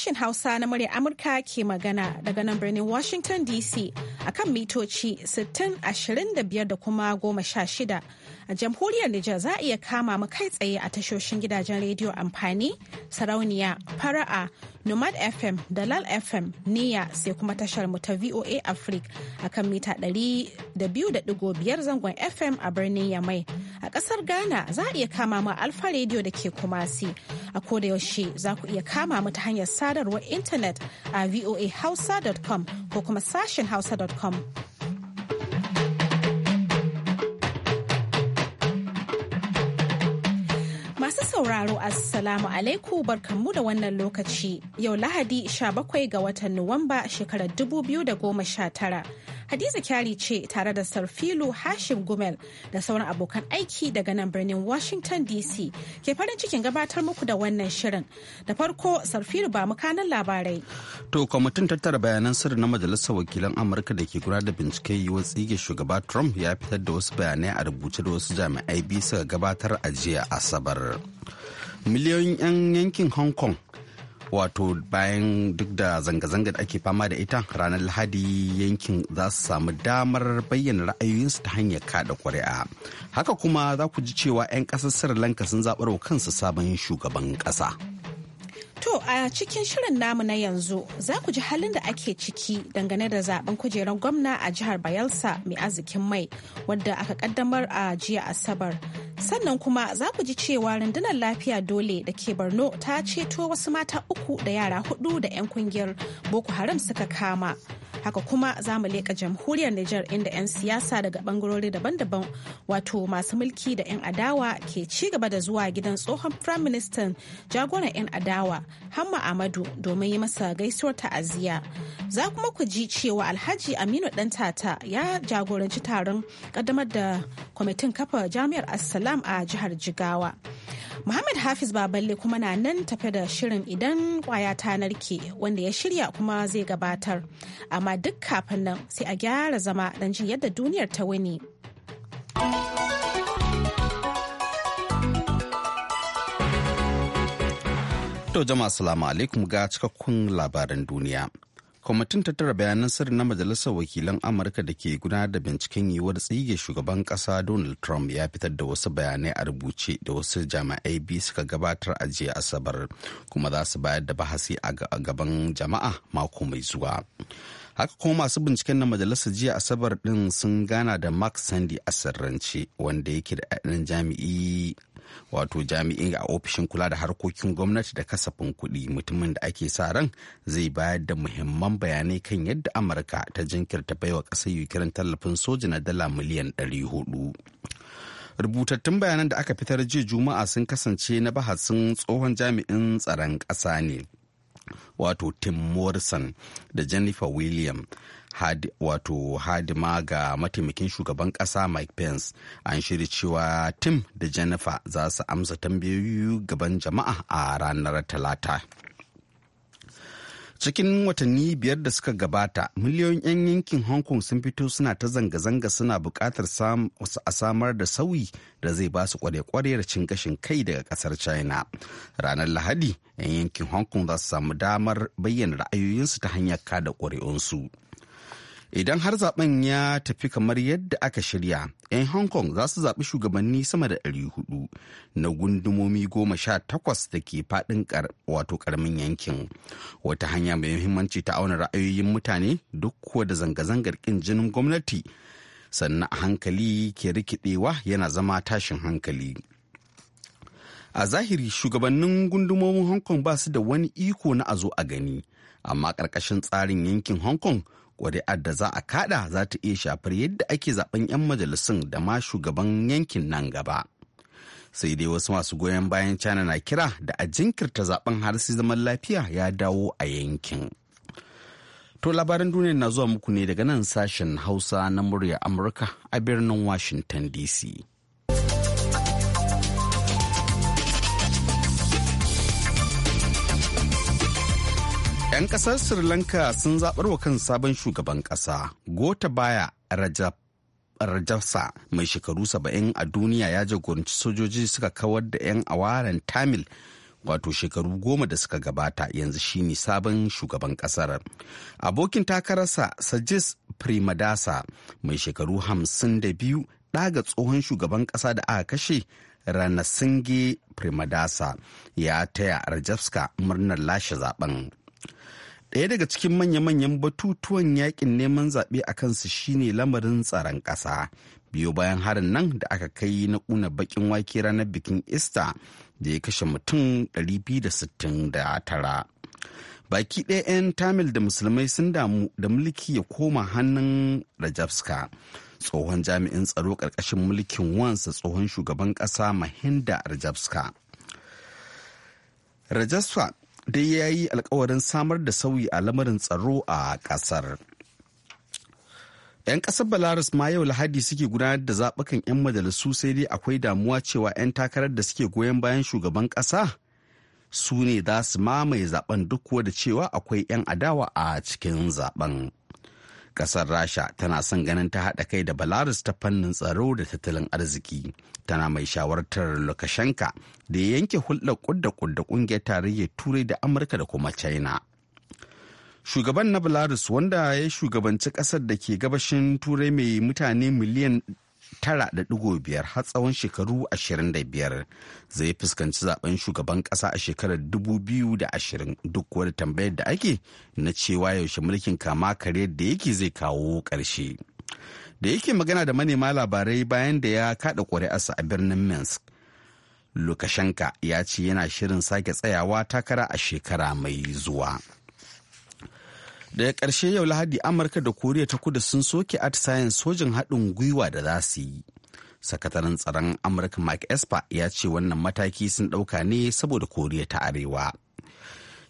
sashen Hausa na murya Amurka ke magana daga nan birnin Washington DC akan mitoci ashirin da kuma 16. A jamhuriyar Nijar za a iya kama mu kai tsaye a tashoshin gidajen rediyo amfani, sarauniya, fara'a, Nomad FM, Dalal FM, Niya sai kuma tashar mu ta VOA Africa a kan mita 200.5 zangon FM a birnin Yamai. A ƙasar Ghana za a iya kama mu Alfa rediyo da ke Kumasi. A kodayaushe yaushe za ku iya kama mu ta hanyar sadarwar intanet a voahausa.com ko kuma sashen hausa.com. Masu sauraro Assalamu alaikum barkanmu da wannan lokaci yau Lahadi 17 ga watan Nuwamba shekarar 2019. Hadiza kyari ce tare da Sarfilu Hashim Gumel da sauran abokan aiki daga nan birnin Washington DC ke farin cikin gabatar muku da wannan shirin. Da farko Sarfilu ba mukanin labarai. To kwamitin tattara bayanan sirri na Majalisar Wakilan Amurka da ke gura da bincike yiwuwar tsige shugaba Trump ya fitar da wasu bayanai a rubuce da wasu jami'ai biyu suka gabatar a jiya Asabar. miliyoyin 'yan yankin hong kong wato bayan duk da zanga-zanga da ake fama da ita ranar lahadi yankin za su samu damar bayyana ra'ayoyinsu ta hanyar kada ƙuri'a haka kuma za ku ji cewa 'yan ƙasar sri lanka sun zaɓar wa kansu sabon shugaban ƙasa. To a cikin shirin namu na yanzu za ku ji halin da ake ciki dangane da zaben kujerar gwamna a jihar Bayelsa mai arzikin mai wadda aka kaddamar a jiya Asabar. Sannan kuma za ku ji cewa rundunar lafiya dole da ke Borno ta ceto wasu mata uku da yara hudu da 'yan kungiyar Boko Haram suka kama haka kuma za mu leƙa jamhuriyar Nijar inda 'yan siyasa daga bangarori daban-daban wato masu mulki da 'yan adawa ke ci gaba da zuwa gidan tsohon Prime Minister jagoran 'yan adawa Hamma Amadu domin yi masa gaisuwar ta'aziyya. Za kuma ku ji cewa Alhaji Aminu tata ya jagoranci taron kaddamar da kwamitin kafa jami'ar Assalam a jihar Jigawa. Muhammad Hafiz Baballe kuma na nan tafe da shirin idan kwaya ta narke wanda ya shirya kuma zai gabatar. Amma duk kafin nan sai a gyara zama don jin yadda duniyar ta wani. To jama'a salamu alaikum ga cikakkun labaran duniya. kwamitin tattara bayanan sirri na majalisar wakilan amurka da ke gudanar da binciken yiwuwar tsige shugaban kasa donald trump ya fitar da wasu bayanai a rubuce da wasu jami'ai biyu suka gabatar a jiya asabar kuma za su bayar da bahasi a gaban jama'a mako mai zuwa haka kuma masu binciken na majalisar jiya asabar din sun gana da mark sandy a sirrance wanda yake da jami'i wato jami'in a ofishin kula da harkokin gwamnati da kasafin kuɗi mutumin da ake sa ran zai bayar da muhimman bayanai kan yadda amurka ta jinkirta baiwa ƙasar ukraine tallafin soja na dala miliyan 400 rubutattun bayanan da aka fitar jiya juma'a sun kasance na bahasin tsohon jami'in tsaron ƙasa ne wato tim morrison da jennifer william wato hadima ga mataimakin shugaban kasa mike pence an shirya cewa tim da jennifer za su amsa tambayoyi gaban jama'a a ranar talata cikin watanni biyar da suka gabata miliyoyin 'yan yankin hong kong sun fito suna ta zanga-zanga suna buƙatar a samar da sauyi da zai ba su kware-kware cin gashin kai daga kasar china ranar lahadi 'yan yankin hong kong za su samu damar bayyana ra'ayoyinsu ta hanyar kada su. idan har zaben ya tafi kamar yadda aka shirya 'yan hong kong za su zaɓi shugabanni sama da 400 na gundumomi goma sha takwas da ke faɗin wato ƙaramin yankin wata hanya mai muhimmanci ta auna ra'ayoyin mutane duk kuwa da zanga-zangar ƙin jinin gwamnati sannan a hankali ke rikidewa yana zama tashin hankali a zahiri shugabannin gundumomin hong kong ba su da wani iko na a zo a gani amma ƙarƙashin tsarin yankin hong kong ƙuri'ar da za a kada za ta iya shafar yadda ake zaben 'yan majalisun da ma shugaban yankin nan gaba sai dai wasu masu goyon bayan china na kira da a jinkirta zaben har sai zaman lafiya ya dawo a yankin to labarin duniya na zuwa muku ne daga nan sashen hausa na murya amurka a birnin washington dc 'Yan ƙasar Sri Lanka sun zaɓar wa kan sabon shugaban ƙasa gota baya rajasa mai shekaru saba'in a duniya ya jagoranci sojoji suka kawar da 'yan awaren Tamil wato shekaru goma da suka gabata yanzu shine sabon shugaban kasar. Abokin takararsa Sajis Primadasa mai shekaru hamsin da biyu ɗaga tsohon shugaban ƙasa da aka kashe Ranasinge Primadasa ya taya rajaska murnar lashe zaben. ɗaya daga cikin manya-manyan batutuwan yakin neman zaɓe a kansu shine lamarin tsaron ƙasa biyo bayan harin nan da aka kai na ƙuna bakin wake ranar bikin ista da ya kashe mutum 269 baki ɗaya 'yan tamil da musulmai sun damu da mulki ya koma hannun rajabska tsohon jami'in tsaro ƙarƙashin mulkin wansa tsohon shugaban ƙasa mahinda rajabska rajaswa dai ya yi alkawarin samar da sauyi a lamarin tsaro a ƙasar. 'Yan ƙasar Belarus ma yau Lahadi suke gudanar da zaɓukan 'yan majalisu sai dai akwai damuwa cewa 'yan takarar da suke goyon bayan shugaban ƙasa su ne za su mamaye zaben duk da cewa akwai 'yan adawa a cikin zaben. Ƙasar Rasha tana son ganin ta haɗa kai da Belarus ta fannin tsaro da tattalin arziki. Tana mai shawartar Lukashenka da ya yanke hulɗar kudda kudda ƙungiyar tarayyar Turai da Amurka da kuma China. Shugaban na Belarus wanda ya shugabanci ƙasar da ke gabashin Turai mai mutane miliyan 9.5 har tsawon shekaru 25 zai fuskanci zaben shugaban kasa a shekarar 2020 duk wani tambayar da ake na cewa yaushe mulkin kama kare da yake zai kawo ƙarshe. Da yake magana da manema labarai bayan da ya kada ƙuri'arsa a birnin Minsk. Lukashenka ya ce yana shirin sake tsayawa takara a shekara mai zuwa. daga ƙarshe yau lahadi amurka da koriya ta kudu sun soke atisayen sojin haɗin gwiwa da za su yi sakataren tsaron amurka mike esper ya ce wannan mataki sun ɗauka ne saboda koriya ta arewa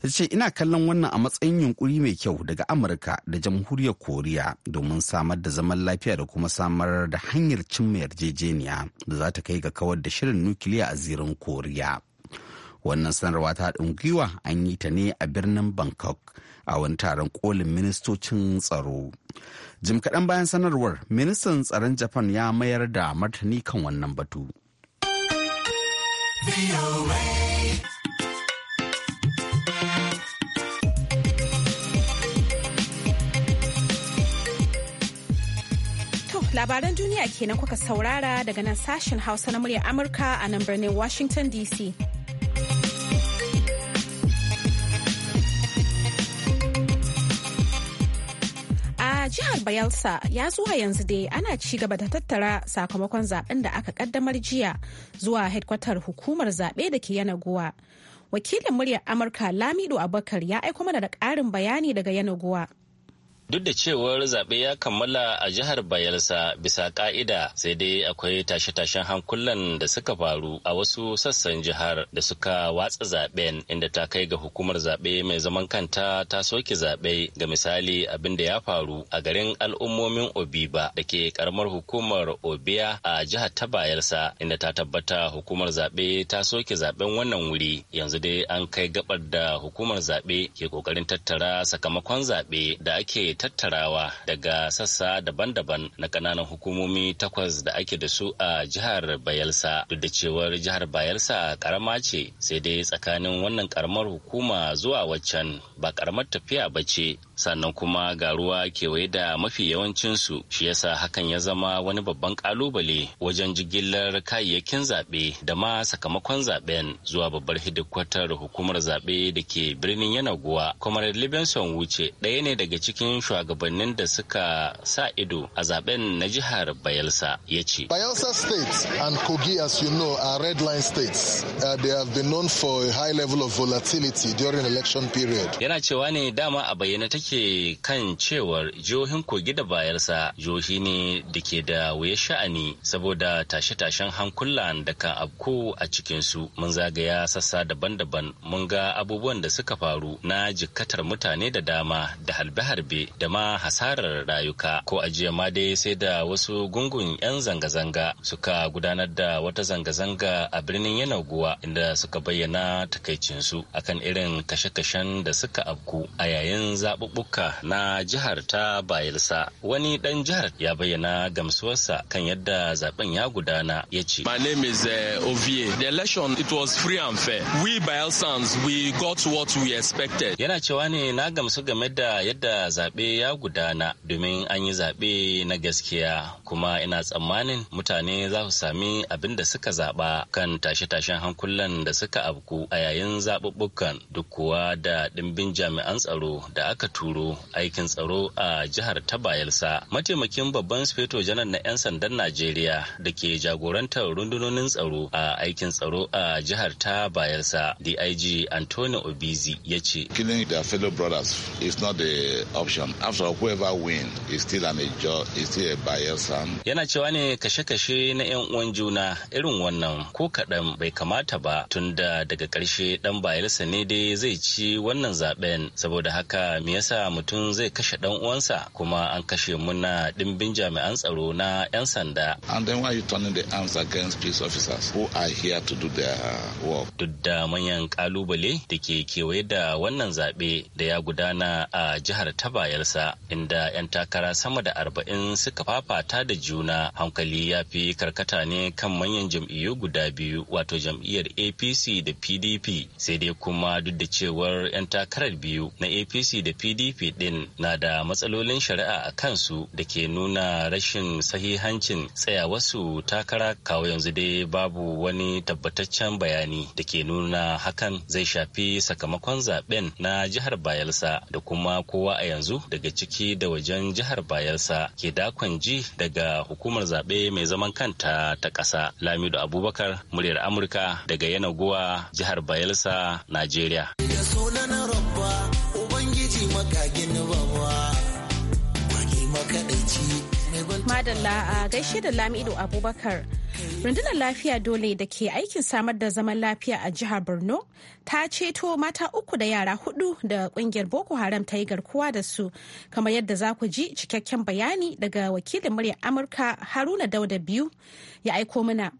ya ce ina kallon wannan a matsayin yunkuri mai kyau daga amurka da jamhuriyar koriya domin samar da zaman lafiya da kuma samar da hanyar cimma yarjejeniya da za ta kai ga kawar da shirin nukiliya a zirin koriya wannan sanarwa ta haɗin gwiwa an yi ta ne a birnin bangkok a wani taron kolin ministocin tsaro jim kaɗan bayan sanarwar ministan tsaron japan ya mayar da martani kan wannan batu labaran duniya kenan kuka saurara daga nan sashen hausa na muryar amurka a nan birnin washington dc jihar Bayelsa ya zuwa yanzu dai ana ci gaba da tattara sakamakon zaben da aka kaddamar jiya zuwa hedkwatar hukumar zaɓe da ke Yanagowa. Wakilin muryar Amurka Lamido Abakar ya aiko mana da ƙarin bayani daga Yanagowa. duk da cewar zaɓe ya kammala a jihar bayelsa bisa ka'ida sai dai akwai tashe-tashen hankulan da suka faru a wasu sassan jihar da suka watsa zaɓen inda ta kai ga hukumar zaɓe mai zaman kanta ta soke zaɓe ga misali abin da ya faru a garin al'ummomin obiba da ke karamar hukumar obiya a jihar ta bayelsa inda ta tabbata hukumar zaɓe ta soke zaɓen wannan wuri yanzu dai an kai gabar da hukumar zaɓe ke ƙoƙarin tattara sakamakon zaɓe da ake tattarawa daga sassa daban-daban na ƙananan hukumomi takwas da ake da su a jihar Bayelsa duk da cewar jihar Bayelsa karama ce sai dai tsakanin wannan karamar hukuma zuwa waccan ba karamar tafiya ba ce sannan kuma ga ruwa kewaye da mafi yawancinsu shi yasa hakan ya zama wani babban kalubale wajen jigilar kayayyakin zaɓe da ma sakamakon zaɓen zuwa babbar hidikwatar hukumar zaɓe da ke birnin yanaguwa kamar livingston wuce ɗaya ne daga cikin shugabannin da suka sa ido a zaɓen na jihar bayelsa ya ce bayelsa state and kogi as you know are red line states uh, they have been known for a high level of volatility during election period yana cewa ne dama a bayyana take ke kan cewar jihohin kogi da bayarsa jihohi ne da ke da wuya sha'ani saboda tashe-tashen hankulan da kan afku a cikinsu mun zagaya sassa daban-daban mun ga abubuwan da suka faru na jikatar mutane da dama da harbe-harbe da ma hasarar rayuka ko ajiya ma dai sai da wasu gungun 'yan zanga-zanga suka gudanar da wata zanga-zanga a birnin yanaguwa inda suka bayyana takaicinsu akan irin kashe-kashen da suka afku a yayin zaɓuɓɓu bukka na jihar ta Bayelsa. Wani ɗan jihar ya bayyana gamsuwarsa kan yadda zaben ya gudana ya ce. My name is uh, Ovie. The election it was free and fair. We Bayelsans we got what we expected. Yana cewa ne na gamsu game da yadda zaɓe ya gudana domin an yi zaɓe na gaskiya kuma ina tsammanin mutane za su sami abin da suka zaɓa kan tashe-tashen hankulan da suka abku a yayin zaɓuɓɓukan duk kuwa da ɗimbin jami'an tsaro da aka tura. Turo aikin tsaro a jihar ta Bayelsa. Mataimakin babban sufeto janar na 'yan sandan Najeriya da ke jagorantar rundunonin tsaro a aikin tsaro a jihar ta Bayelsa. DIG Antonio Obizi ya ce. Killing their fellow brothers is not the option. After all, whoever win is still an is still a Bayelsa. Yana cewa ne kashe-kashe na 'yan uwan juna irin wannan ko kaɗan bai kamata ba tunda daga ƙarshe ɗan Bayelsa ne dai zai ci wannan zaben saboda haka me yasa mutum zai kashe dan uwansa kuma an kashe muna dimbin jami'an tsaro na 'yan sanda. And then why you turning the arms against peace officers who are here to do their work? Duk da manyan kalubale da ke kewaye da wannan zaɓe da ya gudana a jihar ta bayelsa inda 'yan takara sama da arba'in suka fafata da juna hankali ya fi karkata ne kan manyan jam'iyyu guda biyu wato jam'iyyar apc da pdp sai dai kuma duk da cewar 'yan takarar biyu na apc da pdp pdp din na da matsalolin shari'a a kansu da ke nuna rashin sahihancin tsaya wasu takara kawo yanzu dai babu wani tabbataccen bayani da ke nuna hakan zai shafi sakamakon zaben na jihar bayelsa da kuma kowa a yanzu daga ciki da wajen jihar bayelsa ke dakon ji daga hukumar zaɓe mai zaman kanta ta ƙasa lamido abubakar muryar amurka daga yanaguwa jihar bayelsa najeriya miji madalla a gaishe da lamido abubakar rundunar lafiya dole da ke aikin samar da zaman lafiya a jihar borno ta ceto mata uku da yara hudu da kungiyar boko haram ta yi garkuwa da su kamar yadda za ku ji cikakken bayani daga wakilin muryar amurka haruna dauda biyu ya aiko mana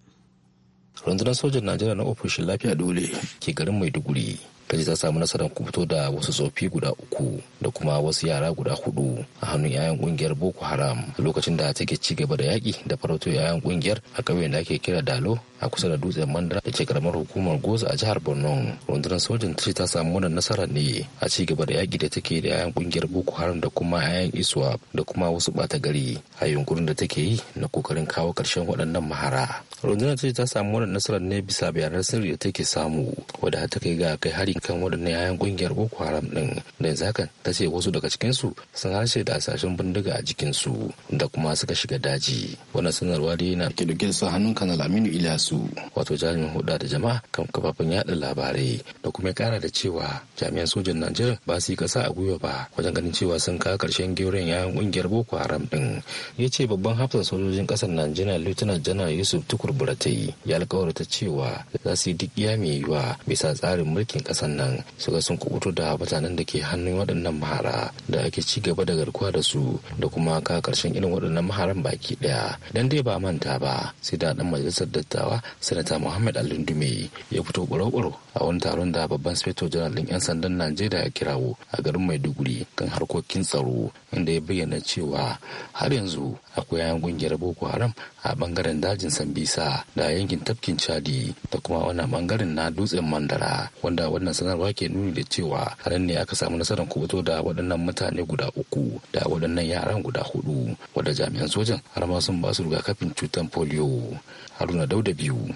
rundunar sojan najeriya na ofishin lafiya dole ke garin maiduguri ta ce ta samu nasarar kubuto da wasu tsofi guda uku da kuma wasu yara guda hudu a hannun 'ya'yan kungiyar boko haram lokacin da take ci gaba da yaƙi da farauto 'ya'yan kungiyar a ƙauyen da ake kira dalo a kusa da dutsen mandara da ke karamar hukumar goza a jihar borno rundunar sojan ta ce ta samu wannan nasara ne a ci gaba da yaƙi da take da 'ya'yan kungiyar boko haram da kuma 'ya'yan iswa da kuma wasu bata gari a yunkurin da take yi na kokarin kawo ƙarshen waɗannan mahara rundunar ta ce ta samu wannan nasarar ne bisa bayanan sirri da take samu wadda ta kai ga kai harin kan waɗannan yayan ƙungiyar boko haram ɗin da yanzu haka ta ce wasu daga cikinsu sun harshe da asashen bindiga a jikinsu da kuma suka shiga daji wannan sanarwa dai na kirkir su hannun kanal aminu ilasu wato jami'in huɗa da jama'a kan kafafen yaɗa labarai da kuma ƙara da cewa jami'an sojan najeriya ba su yi ƙasa a gwiwa ba wajen ganin cewa sun kawo ƙarshen geuren yayan ƙungiyar boko haram ɗin ya ce babban hafsan sojojin ƙasar najeriya lieutenant janar yusuf tukur buratai ya alkawarta cewa za su yi duk mai yiwa bisa tsarin mulkin ƙasar tsaron suka sun kubuto da batanen da ke hannun waɗannan mahara da ake ci gaba da garkuwa da su da kuma ka karshen irin waɗannan maharan baki ɗaya dan dai ba manta ba sai da ɗan majalisar dattawa sanata muhammad alindume ya fito ɓaro a wani taron da babban sifeto janar ɗin 'yan sandan najeriya ya kirawo a garin maiduguri kan harkokin tsaro inda ya bayyana cewa har yanzu akwai yayan kungiyar boko haram a bangaren dajin sambisa da yankin tafkin chadi da kuma wannan bangaren na dutsen mandara wanda wannan sanarwa ke nuni da cewa har ne aka samu nasarar kubuto da waɗannan mutane guda uku da waɗannan yaran guda hudu wadda jami'an sojan har ma sun ba su rigakafin cutar polio haruna dauda biyu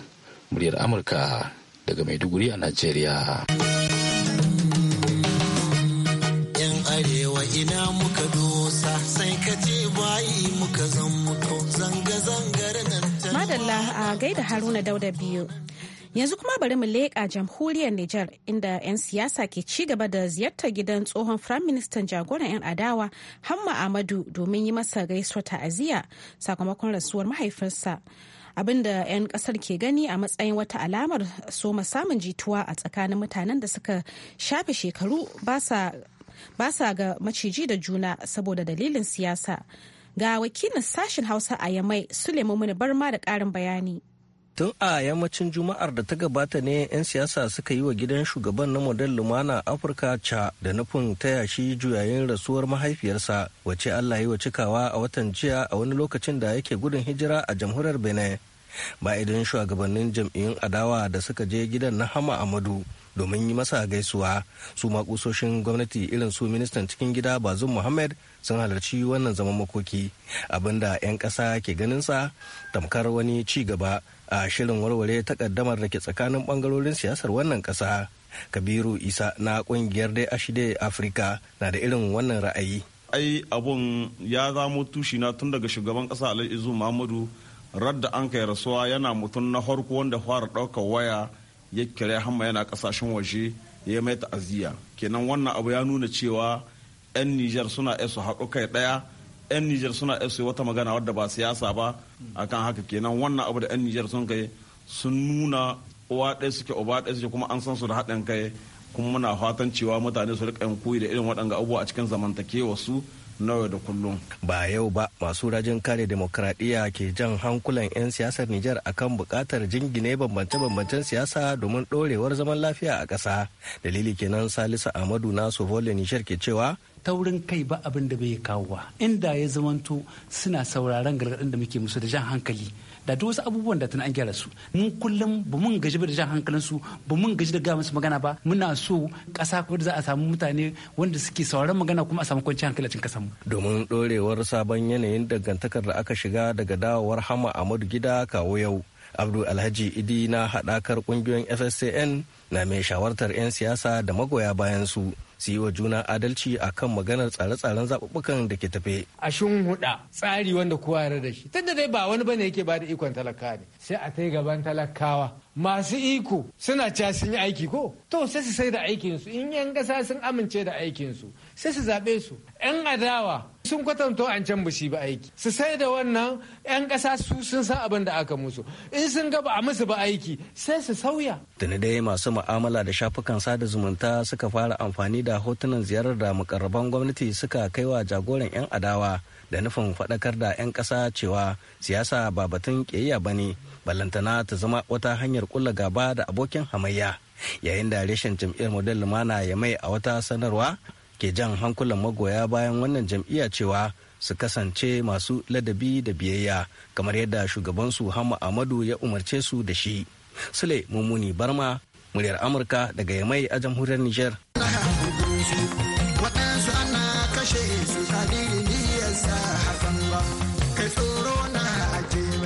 muryar amurka daga Maiduguri a Najeriya. Yan arewa ina muka dosa sai ka ce bayi muka zan zanga-zangar nan Madalla a gaida Haruna Dauda biyu. Yanzu kuma bari mu leƙa jamhuriyar Nijar inda 'yan siyasa ke ci gaba da ziyartar gidan tsohon Firaministan jagoran 'yan adawa Hamma Amadu domin yi masa gaisuwa ta'aziyya sakamakon rasuwar mahaifinsa. abin da 'yan kasar ke gani a matsayin wata alamar soma samun jituwa a tsakanin mutanen da suka shafe shekaru ba sa ga maciji da juna saboda dalilin siyasa ga wakilin sashen hausa a yamai mini barma da karin bayani tun a yammacin juma'ar da ta gabata ne 'yan siyasa suka yi wa gidan shugaban na model lumana afirka ca da nufin taya shi juyayin rasuwar mahaifiyarsa wace allah yi wa cikawa a watan jiya a wani lokacin da yake gudun hijira a jamhuriyar benin ba idan shugabannin jam'iyyun adawa da suka je gidan na hama amadu domin yi masa gaisuwa su makusoshin gwamnati irin su ministan cikin gida bazum muhammad sun halarci wannan zaman makoki abinda 'yan ƙasa ke ganin sa tamkar wani ci gaba a shirin warware takaddamar da ke tsakanin bangarorin siyasar wannan kasa kabiru isa na kungiyar dai ashide afirka na da irin wannan ra'ayi ai abun ya zamo tushi na tun daga shugaban kasa alhaji muhammadu radda an kai rasuwa yana mutum na farko wanda fara daukar waya ya kira hamma yana kasashen waje ya mai ta'aziyya kenan wannan abu ya nuna cewa 'yan nijar suna su haɗu kai ɗaya 'yan Nijar suna FC wata magana wadda ba siyasa ba akan haka kenan wannan abu da 'yan Nijar sun kai sun nuna uwa ɗaya suke uba ɗaya suke kuma an san su da haɗin kai kuma muna fatan cewa mutane su riƙa yin koyi da irin waɗanga abubuwa a cikin zamantakewa su na yau da kullum. Ba yau ba masu rajin kare demokradiyya ke jan hankulan 'yan siyasar Nijar akan bukatar jingine bambance-bambancen siyasa domin dorewar zaman lafiya a ƙasa. Dalili kenan Salisu amadu na Sofolle Nijar ke cewa taurin kai ba abin da bai kawo ba inda ya zamanto suna sauraron gargaɗin da muke musu da jan hankali da duk wasu abubuwan da tun an gyara su mun kullum ba mun gaji da jan hankalin su ba mun gaji da ga musu magana ba muna so kasa ko za a samu mutane wanda suke sauraron magana kuma a samu kwanciyar hankali a cikin mu domin dorewar sabon yanayin dangantakar da aka shiga daga dawowar Hama amadu gida kawo yau Abdul Alhaji Idi na haɗakar ƙungiyoyin FSCN na mai shawartar 'yan siyasa da magoya bayan su su yi wa juna adalci a kan maganar tsare-tsaren zaɓuɓɓukan da ke tafe. A shun huɗa tsari wanda kowa yarda da shi. Tunda dai ba wani bane yake ba da ikon talaka ne. Sai a tai gaban talakawa. Masu iko suna ca sun yi aiki ko? To sai su sai da aikinsu. In 'yan ƙasa sun amince da aikinsu sai su zaɓe su. 'Yan adawa sun kwatanto an can shi ba aiki su sai da wannan 'yan ƙasa su sun san abin da aka musu in sun gaba a musu ba aiki sai su sauya da tuni dai masu ma'amala da shafukan sada zumunta suka fara amfani da hotunan ziyarar da mukarraban gwamnati suka kai wa jagoran 'yan adawa da nufin faɗakar da 'yan ƙasa cewa siyasa ba batun ƙiyayya ba ne ballantana ta zama wata hanyar kulla gaba da abokin hamayya yayin da reshen jam'iyyar model lumana ya mai a wata sanarwa ke jan hankulan magoya bayan wannan jam'iyya cewa su kasance masu ladabi da biyayya kamar yadda shugabansu hama amadu ya umarce su da shi sule mummuni barma muryar amurka daga yamai a jamhuriyar niger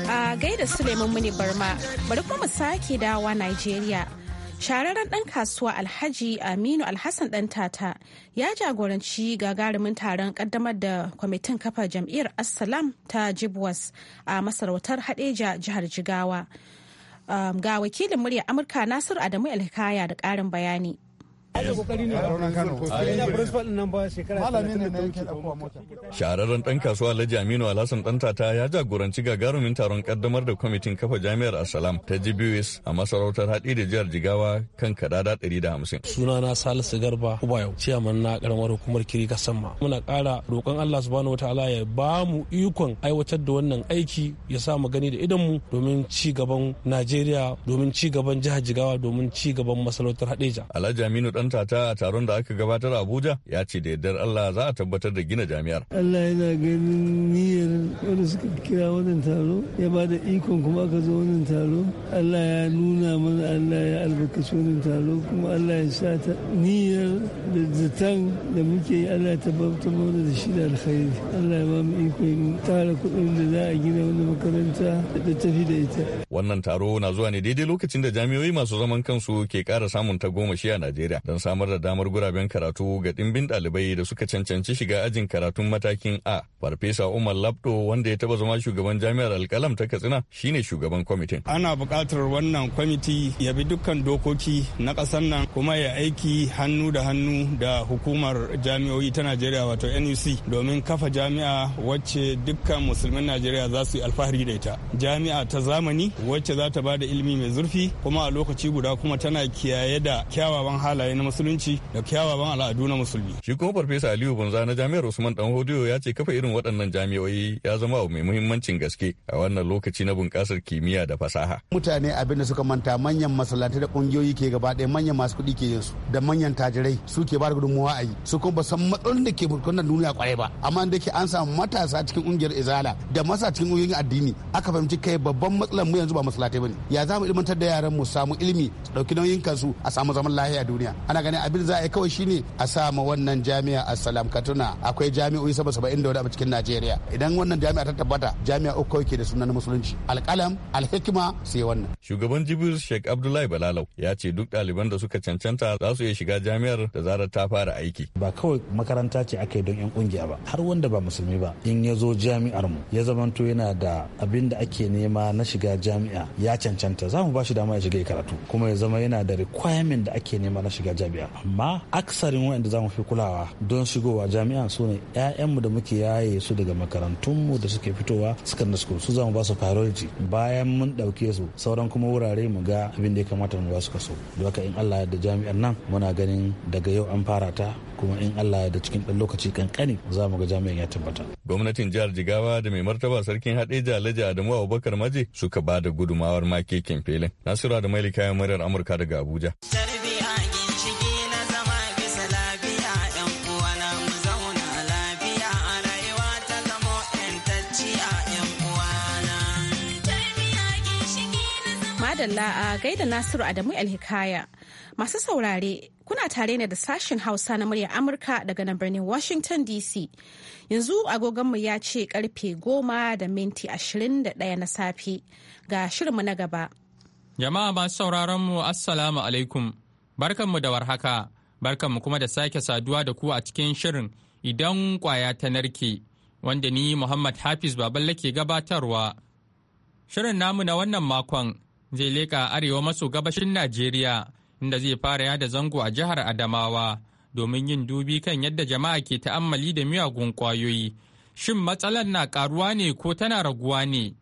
a gaida suleiman muni barma bari kuma sake dawa nigeria Shararren ɗan kasuwa Alhaji Aminu Alhassan ɗan tata ya jagoranci gagarumin taron ƙaddamar da kwamitin kafa jam'iyyar Assalam ta Jibwas a masarautar Hadeja jihar Jigawa. Um, ga wakilin murya Amurka Nasiru Adamu Alhikaya da ƙarin bayani. Shahararren ɗan kasuwa Alhaji Aminu Alhassan Ɗantata ya jagoranci gagarumin taron kaddamar da kwamitin kafa jami'ar Asalam ta GBUS a masarautar haɗi da jihar Jigawa kan kadada 150. na Salisu Garba Kubayau, ciyaman na ƙaramar hukumar Kiri Kasamma. Muna ƙara roƙon Allah subhanahu wataala ya ba mu ikon aiwatar da wannan aiki ya sa mu gani da idonmu domin ci gaban Najeriya, domin ci gaban jihar Jigawa, domin ci gaban masarautar Hadejia. Alhaji Aminu ɗan ta a taron da aka gabatar a Abuja ya ce da yardar Allah za a tabbatar da gina jami'ar. Allah yana ganin niyyar wanda suka kira wannan taro ya ba da ikon kuma aka zo wannan taro. Allah ya nuna mana Allah ya albarkaci wannan taro kuma Allah ya sa ta niyyar da zaton da muke yi Allah ya tabbatar mana da shi da alkhairi. Allah ya ba mu ikon tara kuɗin da za a gina wani makaranta da tafi da ita. Wannan taro na zuwa ne daidai lokacin da jami'oi masu zaman kansu ke kara samun tagomashi a Najeriya. don samar da damar guraben karatu ga dimbin dalibai da suka cancanci shiga ajin karatun matakin A. Farfesa Umar Labdo wanda ya taba zama shugaban jami'ar alkalam ta Katsina shine shugaban kwamitin. Ana bukatar wannan kwamiti ya bi dukkan dokoki na ƙasar nan kuma ya aiki hannu da hannu da hukumar jami'o'i ta Najeriya wato NUC domin kafa jami'a wacce dukkan musulmin Najeriya za su yi alfahari da ita. Jami'a ta zamani wacce za ta ba ilimi mai zurfi kuma a lokaci guda kuma tana kiyaye da kyawawan halayen na musulunci da kyawawan al'adu na musulmi. Shi kuma Farfesa Aliyu Banza na Jami'ar Usman Dan Hodiyo ya ce kafa irin waɗannan jami'o'i ya zama abu mai muhimmancin gaske a wannan lokaci na bunƙasar kimiyya da fasaha. Mutane abinda suka manta manyan masallatai da ƙungiyoyi ke gaba ɗaya manyan masu kuɗi ke yin su da manyan tajirai su ke ba da gudunmawa a yi su kuma ba san matsalolin da ke burkunan duniya kwarai ba amma da ke an samu matasa cikin ƙungiyar izala da masa cikin ƙungiyoyin addini aka fahimci kai babban matsalar mu yanzu ba masallatai bane ya zamu mu ilmantar da yaran mu samu ilimi su ɗauki nauyin kansu a samu zaman lahiya duniya ana ganin abin za a yi kawai shine a sa ma wannan jami'a salam katuna akwai jami'o'i sama saba'in da a cikin najeriya idan wannan jami'a ta tabbata jami'a uku kawai ke da sunan musulunci alƙalam alhikima sai wannan. shugaban jibir sheikh abdullahi balalau ya ce duk ɗaliban da suka cancanta za su iya shiga jami'ar da zarar ta fara aiki. ba kawai makaranta ce aka yi don yan kungiya ba har wanda ba musulmi ba in ya zo jami'ar mu ya zamanto yana da abin da ake nema na shiga jami'a ya cancanta za mu ba shi dama ya shiga karatu kuma ya zama yana da requirement da ake nema na shiga jami'a amma aksarin wa'anda za mu fi kulawa don shigowa jami'a su ne 'ya'yanmu da muke yaye su daga makarantunmu da suke fitowa sukan school su za mu ba su priority bayan mun ɗauke su sauran kuma wurare mu ga abin da ya kamata mu ba su kaso haka in Allah da jami'an nan muna ganin daga yau an fara ta kuma in Allah da cikin ɗan lokaci kankani za mu ga jami'an ya tabbata. Gwamnatin jihar Jigawa da mai martaba sarkin Hadeja Alhaji Adamu Abubakar Maje suka ba da gudumawar makekin filin. Nasiru da Maili kayan muryar Amurka daga Abuja. madalla a gaida Nasiru Adamu Alhikaya. Masu saurare, kuna tare ne da sashen Hausa na murya Amurka daga nan birnin Washington DC. Yanzu agogonmu ya ce karfe goma da minti ashirin da ɗaya na safe ga shirinmu na gaba. Jama'a masu sauraron mu Assalamu alaikum. Barkanmu da warhaka. Barkanmu kuma da sake saduwa da ku a cikin shirin idan kwaya ta narke. Wanda ni Muhammad Hafiz Baballe ke gabatarwa. Shirin namu na wannan makon zai leƙa arewa maso gabashin Najeriya inda zai fara yada zango a jihar Adamawa domin yin dubi kan yadda jama'a ke ta'ammali da miyagun ƙwayoyi. Shin matsalar na ƙaruwa ne ko tana raguwa ne?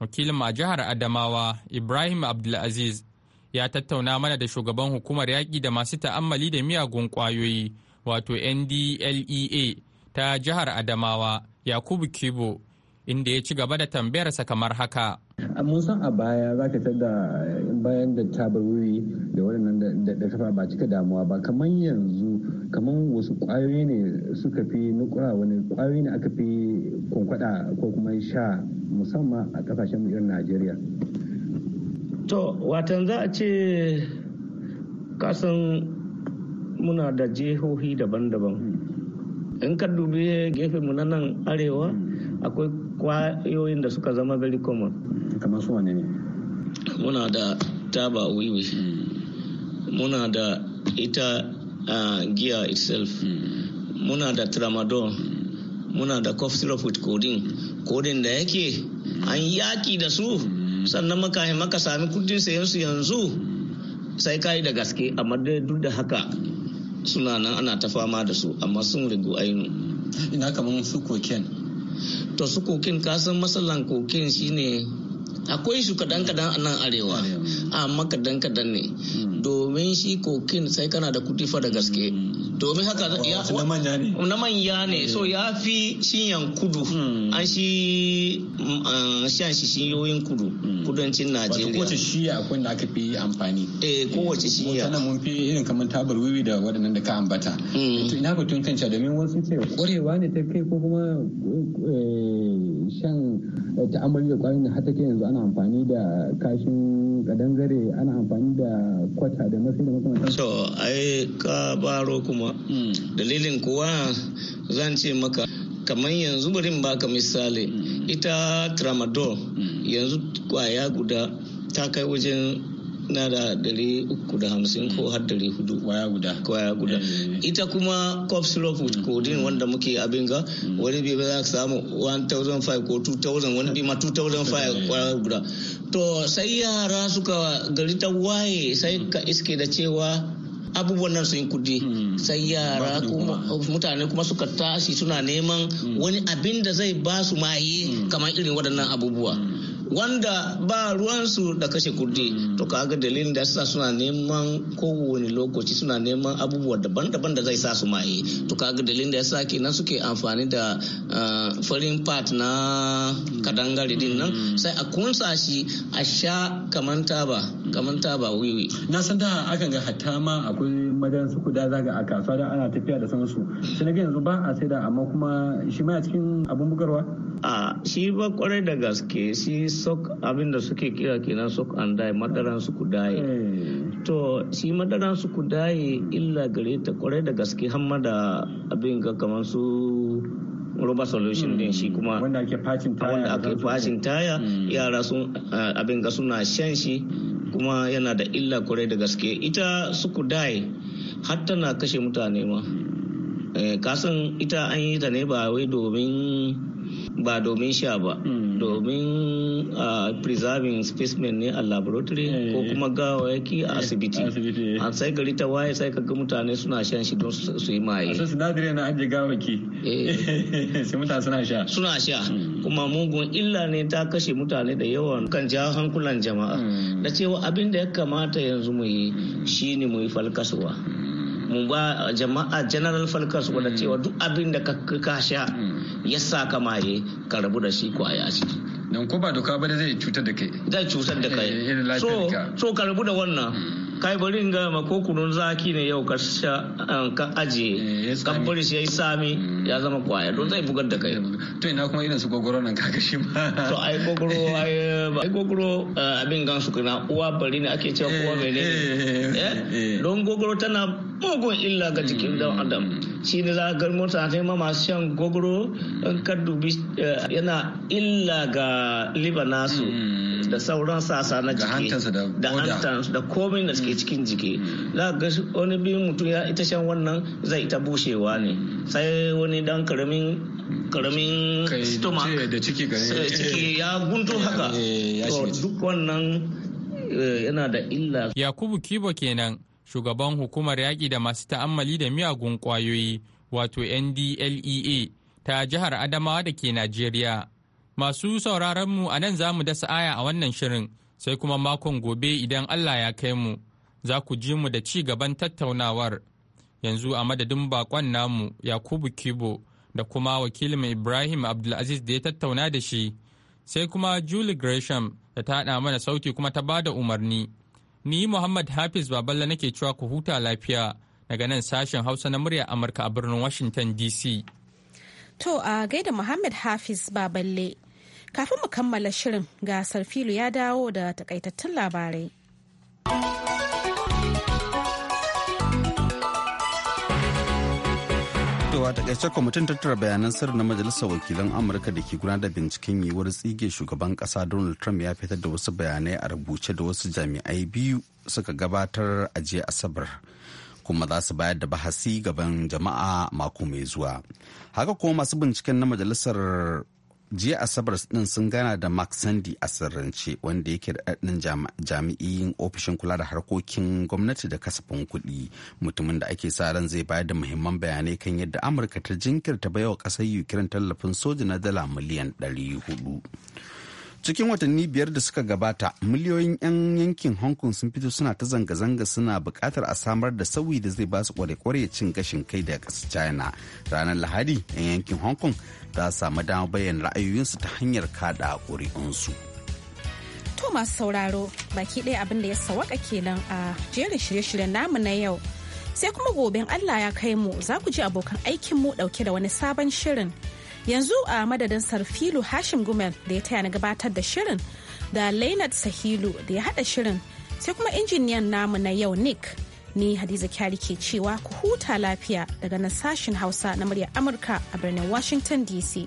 Wakilin a jihar Adamawa Ibrahim Abdulaziz ya tattauna mana da shugaban hukumar yaƙi da masu ta'ammali da miyagun kwayoyi wato NDLEA ta jihar Adamawa Yakubu Kibo. inda ya ci gaba da tambayarsa kamar haka. mun san a baya za ka tada bayan da tabaruri da waɗannan da kafa ba cika damuwa ba kamar yanzu kamar wasu ƙwayoyi ne suka fi nukura wani ƙwayoyi ne aka fi kwankwada ko kuma sha musamman a mu irin najeriya to watan za a ce kasan muna da jihohi daban-daban hmm. in ka dubi mu na nan arewa hmm. akwai kwayoyin da suka zama very common kamar su wane ne muna da taba wiwi hmm. muna da ita uh, giya itself hmm. muna da tramadol hmm. muna da cough syrup with codeine codeine da yake an yaki da su sannan makahin maka sami kudin sayan su yanzu sai kai da gaske amma duk da haka suna nan ana ta fama da su amma sun rigu ainu ina kamar su koken to su kokin kasan masallan kokin shine akwai su kadan kadan a nan arewa amma kadan kadan ne hmm. domin shi kokin sai kana da kuɗi fa da gaske hmm. domin haka na manya ne so eh. ya fi shiyan kudu hmm. an shi mm, shan shi shiyoyin kudu kudancin najeriya kowace shiya akwai da aka fi amfani eh kowace shiya wata mun fi irin kamar tabar wiwi da waɗannan da ka ambata to ina batun kanta domin wasu ce kwarewa ne ta kai ko kuma eh, shan ta'amali da kwayoyin har ke yanzu ana amfani da kashin kadangare ana amfani da kwata da masu da makamantan so ai ka baro kuma hmm. dalilin kuwa zan ce maka kamar yanzu barin baka misali hmm. ita tramadol hmm. yanzu kwaya guda ta kai wajen na da dari uku da hamsin ko har dari hudu kwaya guda kwaya guda eh. ita kuma cough syrup with hmm. codeine wanda muke abin ga hmm. wani bi za ka samu 1005 ko 2000 wani bi ma 2005 kwaya hmm. guda to sai yara suka gari ta waye sai ka iske da cewa abubuwan nan sun kudi sai yara kuma mutane kuma suka tashi suna neman wani abin da zai ba su maye kamar irin waɗannan abubuwa wanda ba ruwansu da kashe kuɗi mm. to kaga dalilin da sa suna neman kowane lokaci suna neman abubuwa daban-daban da zai sa su maye to kaga dalilin da yasa kenan suke amfani da eh, farin part na kadangare din nan mm. sai a kunsa shi a sha kaman taba kaman taba wiwi na san da akan ga hatta ma akwai madan su kuda zaga a kasuwa da ana tafiya da sansu sai ga yanzu ba a saida amma kuma shi ma cikin abun bugarwa a shi ba kwarai da gaske shi sok abinda suke kira kenan sok an dai madaran su dai hmm. to shi madaran su dai illa gare ta kwarai da gaske hamma da abin ga kamar su roba solution din shi kuma hmm. wanda ake fashin taya hmm. yara sun eh, abin ga suna shan shi kuma yana da illa kwarai da gaske ita su dai hatta na kashe mutane ma eh, kasan ita an yi ta ne ba wai domin ba domin sha ba hmm. domin a preserving specimen ne a laboratory eh. ko kuma ki a eh, asibiti eh. an sai gari ta waye sai kaga mutane suna shan shi don su yi maye a sinadari na ajiye gawaki sai mutane suna sha suna sha hmm. kuma mugun illa ne ta kashe mutane da yawa kan jawo hankulan jama'a hmm. Na cewa abin da ya kamata yanzu mu yi ne mu yi falkasuwa mu ba jama'a general falkas wanda mm. cewa duk abin da ka sha mm. ya sa ka maye ka rabu da shi kwaya a ciki don ko ba doka ba zai cutar da kai zai cutar da kai eh, so so ka rabu da wannan mm. kai bari in gama ko kunun zaki ne yau ka sha eh, ka aje eh, kamfani shi yayi sami ya zama kwaya don zai bugar da kai to ina kuma irin su gogoro nan kaga shi ma to ai gogoro ai gogoro abin gan su kana uwa bari ne ake cewa kowa mai ne Eh. don gogoro tana mugun illa ga jikin mm. dan adam shi ne za ga mota ta ma masu shan gogoro mm. in ka dubi eh, yana illa ga liba nasu mm. da sauran sasa na jiki da hantansu da komai da suke cikin jiki za ga wani biyu mutum ya ita shan wannan zai ita bushewa ne sai wani dan karamin karamin stomach da ciki eh, ya gunto haka duk wannan Eh, yana da illa. Yakubu Kibo kenan shugaban hukumar yaƙi da masu ta'ammali da miyagun ƙwayoyi wato NDLEA ta jihar Adamawa da ke Najeriya. Masu sauraronmu a nan za mu dasa aya a wannan shirin sai kuma makon gobe idan Allah ya kai mu za ku ji mu da ci gaban tattaunawar. Yanzu a madadin bakon namu Yakubu Kibo da kuma wakilin Ibrahim Abdulaziz da ya tattauna da shi sai kuma Julie Gresham da ta haɗa mana sauki kuma ta bada umarni. Ni Muhammad Hafiz Baballa nake cewa ku huta lafiya daga nan sashen Hausa na murya Amurka a birnin Washington DC. To a gaida Muhammad Hafiz Baballe. Kafin mu kammala shirin gasar filo ya dawo da takaitattun labarai. To a takaice kwamitin tattara bayanan sir na majalisar wakilan Amurka da ke gudanar da binciken yiwuwar tsige shugaban kasa Donald Trump ya fitar da wasu bayanai a rubuce da wasu jami'ai biyu suka gabatar a jiya Asabar. kuma za su bayar da bahasi gaban jama'a mako mai zuwa. Haka kuma masu binciken na majalisar jiya asabar din sun gana da mark sandy a sirrance wanda yake da ɗaɗin jami'in ofishin kula da harkokin gwamnati da kasafin kuɗi mutumin da ake sa ran zai bayar da muhimman bayanai kan yadda amurka ta jinkirta baiwa ƙasar ukraine tallafin soja na dala miliyan 400 cikin watanni biyar da suka gabata miliyoyin 'yan yankin hong kong sun fito suna ta zanga-zanga suna bukatar a samar da sauyi da zai basu kware-kware cin gashin kai daga ƙasar china ranar lahadi 'yan yankin hong kong za samu dama bayyana ra'ayoyinsu ta hanyar kada ƙuri'unsu. to masu sauraro baki ɗaya abin da ya sawaka kenan a jerin shirye-shiryen namu na yau sai kuma gobe allah ya kai mu za ku ji abokan aikin mu ɗauke da wani sabon shirin yanzu a madadin sarfilu hashim gumel da ya taya na gabatar da shirin da leonard sahilu da ya hada shirin sai kuma injiniyan namu na yau nick ni hadiza kyari ke cewa ku huta lafiya daga nan sashen hausa na murya amurka a birnin washington dc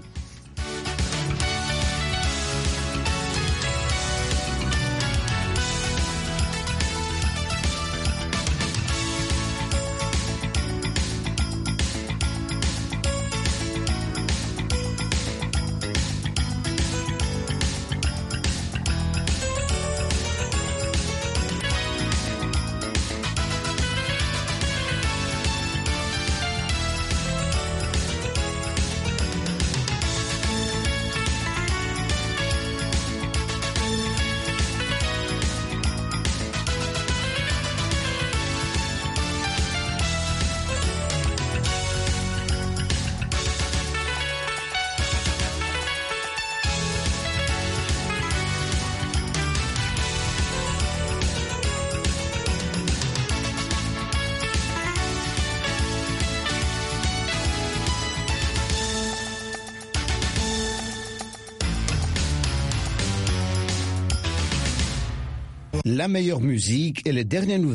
la meilleure musique et les dernières nouvelles.